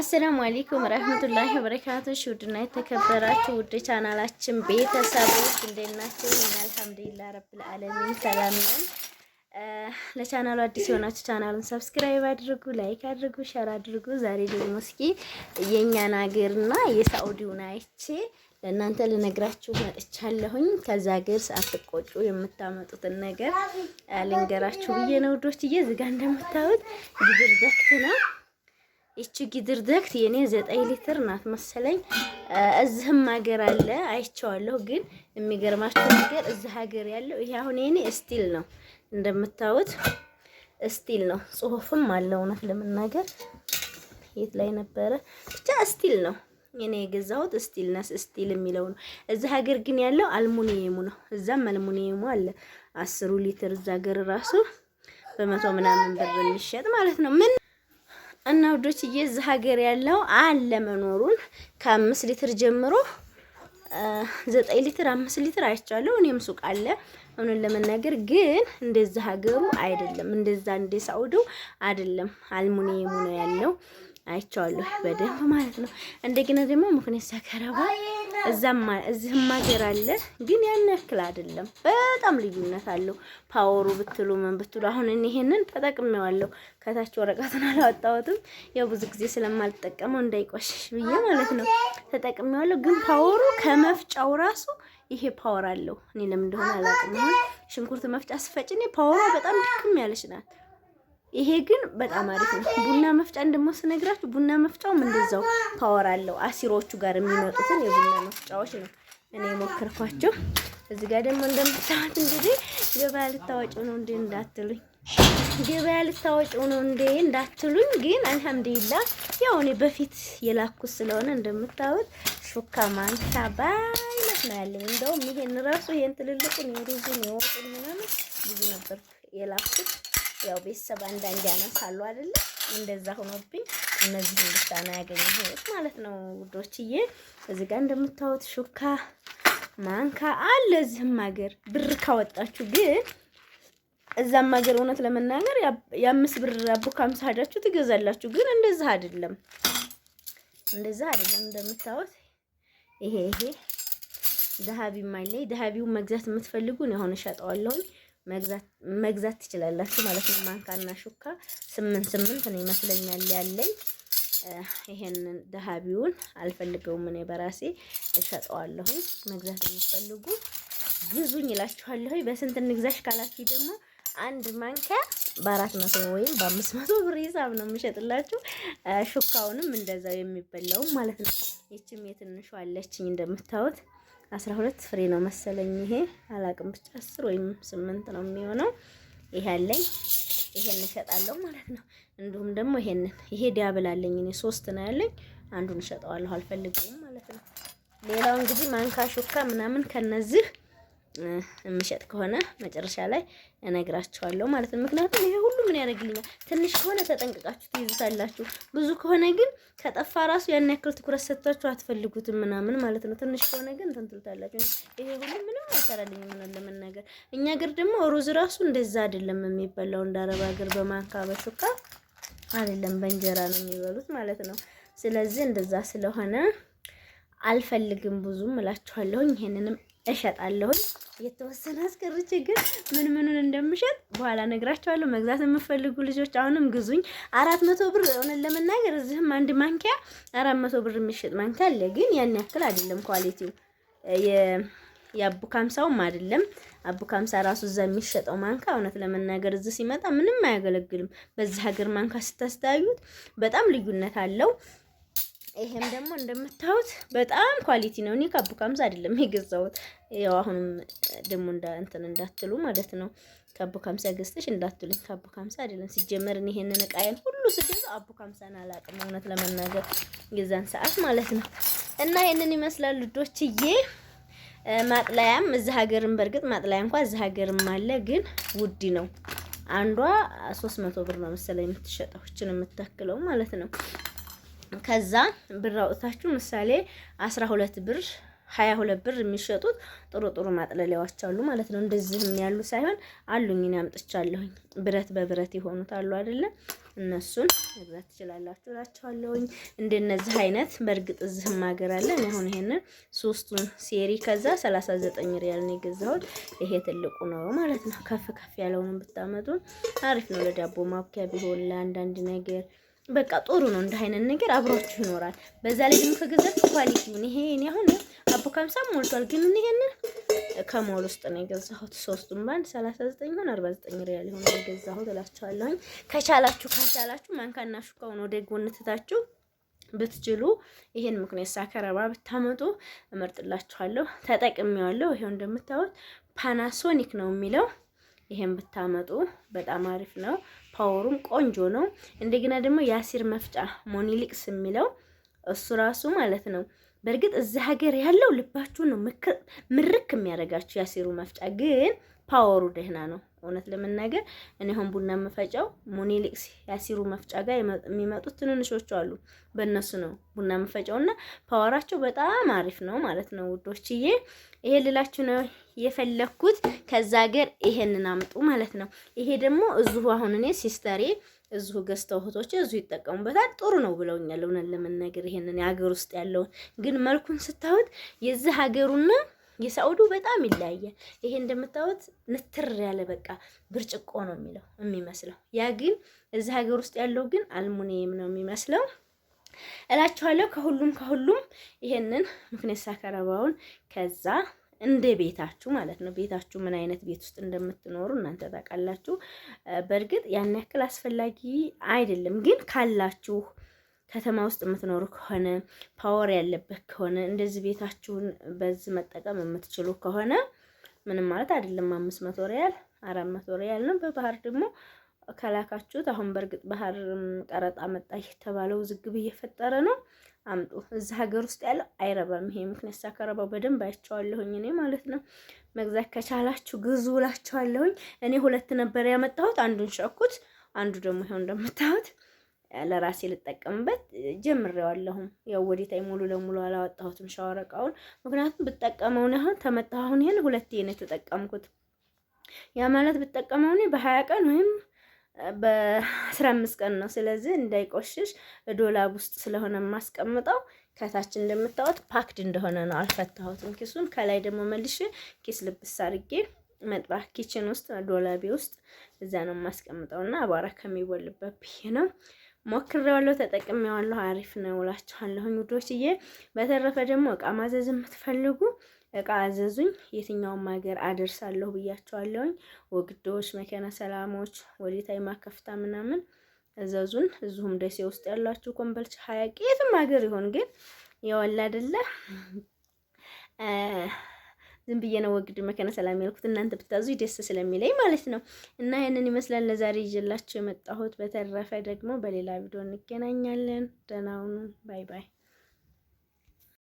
አሰላሙ አለይኩም ረህመቱላሂ ወበረካቱ። ውድና የተከበራችሁ ውድ ቻናላችን ቤተሰቦች እንዴት ናችሁ? እኛ አልሐምዱሊላህ ረብል ዓለሚን ሰላም ነን። ለቻናሉ አዲስ የሆናችሁ ቻናሉን ሰብስክራይብ አድርጉ፣ ላይክ አድርጉ፣ ሸር አድርጉ። ዛሬ ደግሞ እስኪ የእኛን ሀገርና የሳኡዲውን አይቼ ለእናንተ ልነግራችሁ መጥቻለሁኝ። ከዛ ሀገር ሳትቆጩ የምታመጡትን ነገር ልንገራችሁ ብዬ ነው ውዶችዬ። እዚህ እንደምታዩት ግብር ዘግት ነው ይቺ ጊድር የኔ ዘጠኝ ሊትር ናት መሰለኝ። እዚህም ሀገር አለ አይቼዋለሁ። ግን የሚገርማቸው ነገር እዚህ ሀገር ያለው ይሄ አሁን የኔ ስቲል ነው እንደምታዩት ስቲል ነው። ጽሁፍም አለ። እውነት ለመናገር የት ላይ ነበረ ብቻ ስቲል ነው የኔ የገዛሁት ስቲል ነስ ስቲል የሚለው ነው። እዚህ ሀገር ግን ያለው አልሙኒየሙ ነው። እዛም አልሙኒየሙ አለ አስሩ ሊትር እዛ ሀገር ራሱ በመቶ ምናምን ብር የሚሸጥ ማለት ነው ምን እና ውዶች እዚህ ሀገር ያለው አለ አለመኖሩን ከአምስት ሊትር ጀምሮ ዘጠኝ ሊትር አምስት ሊትር አይቻለሁ። እኔም ሱቅ አለ እውነት ለመናገር ግን እንደዛ ሀገሩ አይደለም፣ እንደዛ እንደ ሳውዲው አይደለም። አልሙኒየሙ ነው ያለው አይቻለሁ በደንብ ማለት ነው። እንደገና ደግሞ ምክንያት ሰከረባ እዛማ እዚህም ሀገር አለ፣ ግን ያን ያክል አይደለም። በጣም ልዩነት አለው። ፓወሩ ብትሉ ምን ብትሉ አሁን እኔ ይሄንን ተጠቅሜዋለሁ። ከታች ወረቀቱን አላወጣሁትም፣ ያው ብዙ ጊዜ ስለማልጠቀመው እንዳይቆሽሽ ብዬ ማለት ነው። ተጠቅሜዋለሁ፣ ግን ፓወሩ ከመፍጫው ራሱ ይሄ ፓወር አለው። እኔ ለምን እንደሆነ አላውቅም። ሽንኩርት መፍጫ ስፈጭ እኔ ፓወሯ በጣም ድክም ያለች ናት። ይሄ ግን በጣም አሪፍ ነው። ቡና መፍጫን ደግሞ ስነግራችሁ ቡና መፍጫውም እንደዛው ፓወር አለው። አሲሮቹ ጋር የሚመጡትን የቡና መፍጫዎች ነው እኔ የሞከርኳቸው። እዚህ ጋር ደግሞ እንደምታዩት እንግዲህ ገበያ ልታወጪው ነው እንዴ እንዳትሉኝ፣ ገበያ ልታወጪው ነው እንዴ እንዳትሉኝ። ግን አልሐምዱሊላ ያው እኔ በፊት የላኩት ስለሆነ እንደምታዩት ሹካ ማንሳ ባይነት ነው ያለኝ። እንደውም ይሄን ራሱ ይሄን ትልልቁን የሩዙን የወጡን ምናምን ብዙ ነበር የላኩት ያው ቤተሰብ አንዳንድ ያነሳሉ አይደለ? እንደዛ ሆኖብኝ እነዚህ ብቻ ነው ያገኘሁት ማለት ነው ውዶችዬ። እዚህ ጋር እንደምታዩት ሹካ ማንካ አለ። እዚህም ሀገር ብር ካወጣችሁ ግን እዛም ሀገር እውነት ለመናገር የአምስት ብር አቦ ከሀምሳ ሄዳችሁ ትገዛላችሁ። ግን እንደዛ አይደለም፣ እንደዛ አይደለም። እንደምታዩት ይሄ ይሄ ዳሃቢ ማለኝ ዳሃቢውን መግዛት የምትፈልጉ ነው አሁን እሸጠዋለሁኝ። መግዛት ትችላላችሁ ማለት ነው። ማንካና ሹካ ስምንት ስምንት ነው ይመስለኛል ያለኝ። ይሄንን ደሃቢውን አልፈልገውም እኔ በራሴ እሸጠዋለሁ። መግዛት የሚፈልጉ ግዙኝ ይላችኋለሁ። በስንት እንግዛሽ ካላችሁ ደግሞ አንድ ማንኪያ በአራት መቶ ወይም በአምስት መቶ ብር ሂሳብ ነው የምሸጥላችሁ። ሹካውንም እንደዛው የሚበላውም ማለት ነው። ይችም የትንሿ አለችኝ እንደምታዩት አስራ ሁለት ፍሬ ነው መሰለኝ ይሄ አላቅም፣ ብቻ አስር ወይም ስምንት ነው የሚሆነው። ይሄ አለኝ ይሄን እሸጣለሁ ማለት ነው። እንዲሁም ደግሞ ይሄንን ይሄ ዲያብል አለኝ እኔ ሶስት ነው ያለኝ፣ አንዱን እሸጠዋለሁ አልፈልገውም ማለት ነው። ሌላው እንግዲህ ማንካ ሹካ ምናምን ከነዚህ የምሸጥ ከሆነ መጨረሻ ላይ እነግራችኋለሁ ማለት ነው። ምክንያቱም ይሄ ሁሉ ምን ያደርግልኛል፣ ትንሽ ከሆነ ተጠንቅቃችሁ ትይዙታላችሁ። ብዙ ከሆነ ግን ከጠፋ ራሱ ያን ያክል ትኩረት ሰጥታችሁ አትፈልጉትም ምናምን ማለት ነው። ትንሽ ከሆነ ግን ተንትሉታላችሁ። ይሄ ሁሉ ምንም አይሰራልኝ ምን ነገር እኛ ግር ደግሞ ሩዝ ራሱ እንደዛ አይደለም የሚበላው እንደ አረብ ሀገር በማንካ በሹካ አይደለም፣ በእንጀራ ነው የሚበሉት ማለት ነው። ስለዚህ እንደዛ ስለሆነ አልፈልግም ብዙም እላችኋለሁኝ ይሄንንም እሸጣለሁኝ። የተወሰነ አስቀርቼ ግን ምን ምኑን እንደምሸጥ በኋላ ነግራቸዋለሁ። መግዛት የምፈልጉ ልጆች አሁንም ግዙኝ። አራት መቶ ብር እውነት ለመናገር እዚህም አንድ ማንኪያ አራት መቶ ብር የሚሸጥ ማንኪያ አለ። ግን ያን ያክል አይደለም ኳሊቲው የአቡ ካምሳውም አይደለም። አቡ ካምሳ ራሱ እዛ የሚሸጠው ማንካ እውነት ለመናገር እዚህ ሲመጣ ምንም አያገለግልም። በዚህ ሀገር ማንካ ስታስተያዩት በጣም ልዩነት አለው። ይሄም ደግሞ እንደምታዩት በጣም ኳሊቲ ነው። እኔ ከአቡካምዝ አይደለም የገዛሁት። ያው አሁንም ደግሞ እንትን እንዳትሉ ማለት ነው ካቡ ከአቡካምዝ ገዝተሽ እንዳትሉኝ። ከአቡካምዝ አይደለም ሲጀመር እኔ ይሄንን እቃዬን ሁሉ ስገዛ አቡካምዝን አላውቅም፣ እውነት ለመናገር የዛን ሰዓት ማለት ነው። እና ይሄንን ይመስላል ልጆችዬ። ማጥላያም እዚህ ሀገርም በርግጥ ማጥላያ እንኳን እዚህ ሀገርም አለ፣ ግን ውድ ነው። አንዷ 300 ብር ነው መሰለኝ የምትሸጠው እችን የምታክለው ማለት ነው። ከዛ ብር አውጥታችሁ ምሳሌ አስራ ሁለት ብር ሀያ ሁለት ብር የሚሸጡት ጥሩ ጥሩ ማጥለሊያዎች አሉ ማለት ነው። እንደዚህም ያሉ ሳይሆን አሉኝ እኔ አምጥቻለሁኝ። ብረት በብረት የሆኑት አሉ አይደለ? እነሱን መግዛት ትችላላችሁ እላችኋለሁኝ። እንደነዚህ አይነት በእርግጥ እዚህም ሀገር አለ። እኔ አሁን ይሄንን ሶስቱን ሴሪ ከዛ ሰላሳ ዘጠኝ ሪያል ነው የገዛሁት። ይሄ ትልቁ ነው ማለት ነው። ከፍ ከፍ ያለውን ብታመጡ አሪፍ ነው። ለዳቦ ማብኪያ ቢሆን ለአንዳንድ ነገር በቃ ጥሩ ነው። እንደ አይነት ነገር አብሯችሁ ይኖራል። በዛ ላይ ደግሞ ከገዛችሁ ኳሊቲውን ይሄ እኔ አሁን አቦ ካምሳ ሞልቷል፣ ግን ይሄን ከሞል ውስጥ ነው የገዛሁት። ሶስቱም በአንድ 39 ሆነ 49 ሪያል ሆነ የገዛሁት እላችኋለሁ። ከቻላችሁ ከቻላችሁ ማንካና ሹካውን ወደ ጎን ትታችሁ ብትችሉ ይሄን ምክንያት ሳከረባ ብታመጡ እመርጥላችኋለሁ። ተጠቅሜዋለሁ። ይሄው እንደምታዩት ፓናሶኒክ ነው የሚለው ይሄን ብታመጡ በጣም አሪፍ ነው። ፓወሩም ቆንጆ ነው። እንደገና ደግሞ የአሲር መፍጫ ሞኒሊክስ የሚለው እሱ ራሱ ማለት ነው። በእርግጥ እዚህ ሀገር ያለው ልባችሁን ነው ምርክ የሚያደርጋችሁ። የአሲሩ መፍጫ ግን ፓወሩ ደህና ነው። እውነት ለመናገር እኔ አሁን ቡና የምፈጨው ሞኔሌክስ ያሲሩ መፍጫ ጋር የሚመጡት ትንንሾቹ አሉ። በእነሱ ነው ቡና የምፈጨው እና ፓወራቸው በጣም አሪፍ ነው ማለት ነው ውዶችዬ። ይሄ ልላችሁ ነው የፈለግኩት። ከዛ ሀገር ይሄንን አምጡ ማለት ነው። ይሄ ደግሞ እዚሁ አሁን እኔ ሲስተሬ እዙሁ ገዝተው እህቶቼ እዙ ይጠቀሙበታል። ጥሩ ነው ብለውኛል። እውነት ለመናገር ይሄንን የሀገር ውስጥ ያለውን ግን መልኩን ስታዩት የዚህ ሀገሩና የሳዑዱ በጣም ይለያያል። ይሄ እንደምታዩት ንትር ያለ በቃ ብርጭቆ ነው የሚለው የሚመስለው። ያ ግን እዚህ ሀገር ውስጥ ያለው ግን አልሙኒየም ነው የሚመስለው እላችኋለሁ። ከሁሉም ከሁሉም ይሄንን ምክንያት ሳከረባውን ከዛ እንደ ቤታችሁ ማለት ነው። ቤታችሁ ምን አይነት ቤት ውስጥ እንደምትኖሩ እናንተ ታውቃላችሁ። በእርግጥ ያን ያክል አስፈላጊ አይደለም፣ ግን ካላችሁ ከተማ ውስጥ የምትኖሩ ከሆነ ፓወር ያለበት ከሆነ እንደዚህ ቤታችሁን በዚህ መጠቀም የምትችሉ ከሆነ ምንም ማለት አይደለም። አምስት መቶ ሪያል አራት መቶ ሪያል ነው። በባህር ደግሞ ከላካችሁት አሁን በእርግጥ ባህር ቀረጣ መጣ የተባለው ውዝግብ እየፈጠረ ነው። አምጡ እዚ ሀገር ውስጥ ያለው አይረባም። ይሄ ምክንያት ሳከረባው በደንብ አይቼዋለሁኝ እኔ ማለት ነው። መግዛት ከቻላችሁ ግዙ እላችኋለሁኝ። እኔ ሁለት ነበር ያመጣሁት፣ አንዱን ሸኩት፣ አንዱ ደግሞ ይሄው እንደምታዩት ለራሴ ልጠቀምበት ጀምሬዋለሁም። ያው ወዴታይ ሙሉ ለሙሉ አላወጣሁትም ሻወር እቃውን፣ ምክንያቱም ብጠቀመው ነው አሁን ተመታ። አሁን ይሄን ሁለቴ ነው የተጠቀምኩት። ያ ማለት ብጠቀመው ነው በሀያ ቀን ወይም በአስራ አምስት ቀን ነው። ስለዚህ እንዳይቆሽሽ ዶላብ ውስጥ ስለሆነ የማስቀምጠው ከታች እንደምታወት ፓክድ እንደሆነ ነው። አልፈታሁትም ኪሱን። ከላይ ደግሞ መልሽ ኪስ ልብስ አድርጌ መጥባህ ኪችን ውስጥ ዶላቤ ውስጥ እዛ ነው የማስቀምጠው እና አቧራ ከሚቦልበት ብዬ ነው። ሞክሬዋለሁ፣ ተጠቅሜዋለሁ። አሪፍ ነው እላችኋለሁኝ ውዶችዬ። በተረፈ ደግሞ እቃ ማዘዝ የምትፈልጉ እቃ አዘዙኝ፣ የትኛውም ሀገር አደርሳለሁ ብያቸዋለሁኝ። ወግዶች፣ መካነ ሰላሞች፣ ወዴታይማ ማከፍታ ምናምን እዘዙን። እዚሁም ደሴ ውስጥ ያላችሁ ኮምበልቻ፣ ሀያቅ፣ የትም ሀገር ይሆን ግን የወላ አይደለ ዝም ብዬ ነው ወግድ መከነ ሰላም ያልኩት እናንተ ብታዙ ደስ ስለሚለኝ ማለት ነው። እና ይህንን ይመስላል ለዛሬ ይዤላችሁ የመጣሁት። በተረፈ ደግሞ በሌላ ቪዲዮ እንገናኛለን። ደህና ሁኑ። ባይ ባይ።